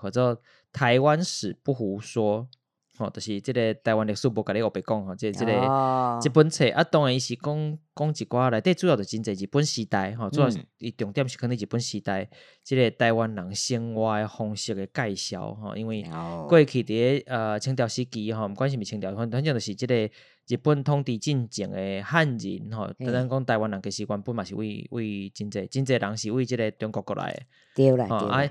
或者台灣史不胡說，吼、哦，就是即個台灣歷史不甲你烏白講，吼，即即個日本冊、哦、啊，當然伊是講講一寡嘞，但主要就真儕日本時代，吼、哦，主要是重點是肯定日本時代，即、這個台灣人生活方式嘅介紹，吼、哦，因為過去佇呃清朝時期，吼、哦，唔管是咪清朝，反正就是即個日本統治進前嘅漢人，吼、哦，當講嘿台灣人嘅習慣，本嘛是為為真儕，真儕人是為即個中國過來，對啦，哎。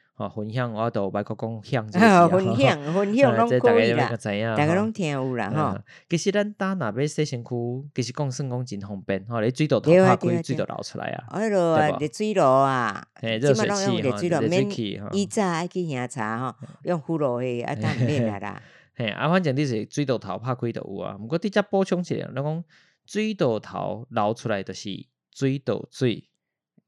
哦，分享我有外國講鄉字啊，分享分享，大家攏知啦，大家攏聽有啦，吼，其實咱打若要洗身軀，其實講算講真方便，吼，你水道頭拍開，水道流出來啊。哎啊，啲水落啊，誒，熱水器，熱水器，哈，以早愛去廿茶，吼，用葫蘆去啊，打唔掂啦。誒，啊，反正你是水道頭拍開著有啊，毋過你則補充起嚟，咱講水道頭流出來著是水道水。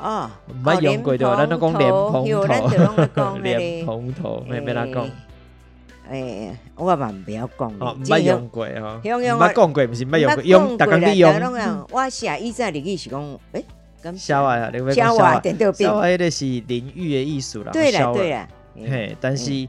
哦，毋捌用過多，咱攏講蓮蓬頭，咱就攏講蓮蓬頭，免免那，講，誒，我嘛毋袂曉講，毋捌用過，毋捌講過，毋是毋捌用過，用，逐工去用。我寫伊日語是講，誒，咁，笑話啊，你唔係講笑話，就是淋浴嘅意思啦，對啦，對啦，嘿，但是。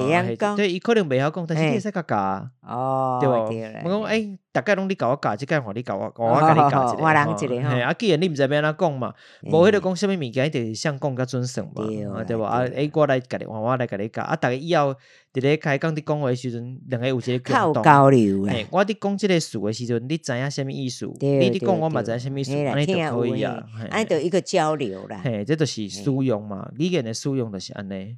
係講，對，伊可能袂曉講，但是你會使甲教，哦，對唔對？我講，誒，逐個攏你甲我教，即個人話你甲我，我甲你教，只啊，既然你毋知欲安怎講嘛？無迄個講，什物物件，伊著是講甲準算嘛，着無？啊，我來甲你，我來甲你教，啊，逐個以後，佇咧開講你講話誒時陣，兩個有即個交流，誒，我佇講即個事誒時陣，你知影什物意思？你佇講我嘛知影，什物意思，安尼就可以啊，安尼着一個交流啦，誒，這着是使用嘛，語言誒使用着是安尼。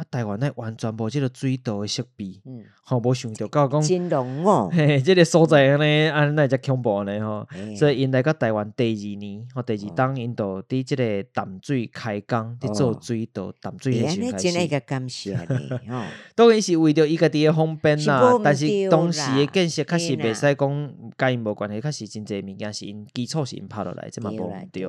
啊！台灣呢，完全無即個水道嘅設備，吼、嗯，無想着講，說說喔、嘿，即、這個所在呢，啊，那只恐怖呢吼，啊、所以因來到台灣第二年，吼、哦，第二當因到佇即個淡水開工，佇做水道、哦、淡水嘅時候開始，當然是為伊家己的方便啦，是不不啦，但是當時的建設確實未使講甲因無關係，確實真濟物件是因基礎是因拍落來，即嘛無唔着。對。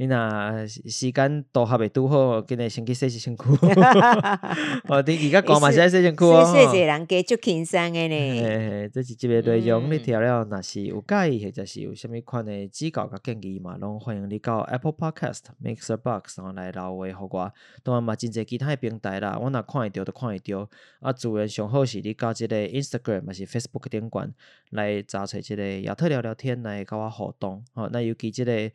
你若時間都還咪拄好，今日先去洗一身軀。我哋而家講嘛，先洗身軀哦。謝謝兩位輕鬆嘅咧。這是特別對用你聽了，若是有佮意，或者是有蝦米款嘅指教甲建議嘛，攏歡迎你到 Apple Podcast、er Box，哦、Mixer Box，來撈我互我。當然嘛，真濟其他嘅平台啦，我若看一丟都看一丟。啊，主人上好是你到這個 Instagram，嘛是 Facebook 點關，來找找這個亞特聊聊天，來甲我活動。哦，那尤其即、這個。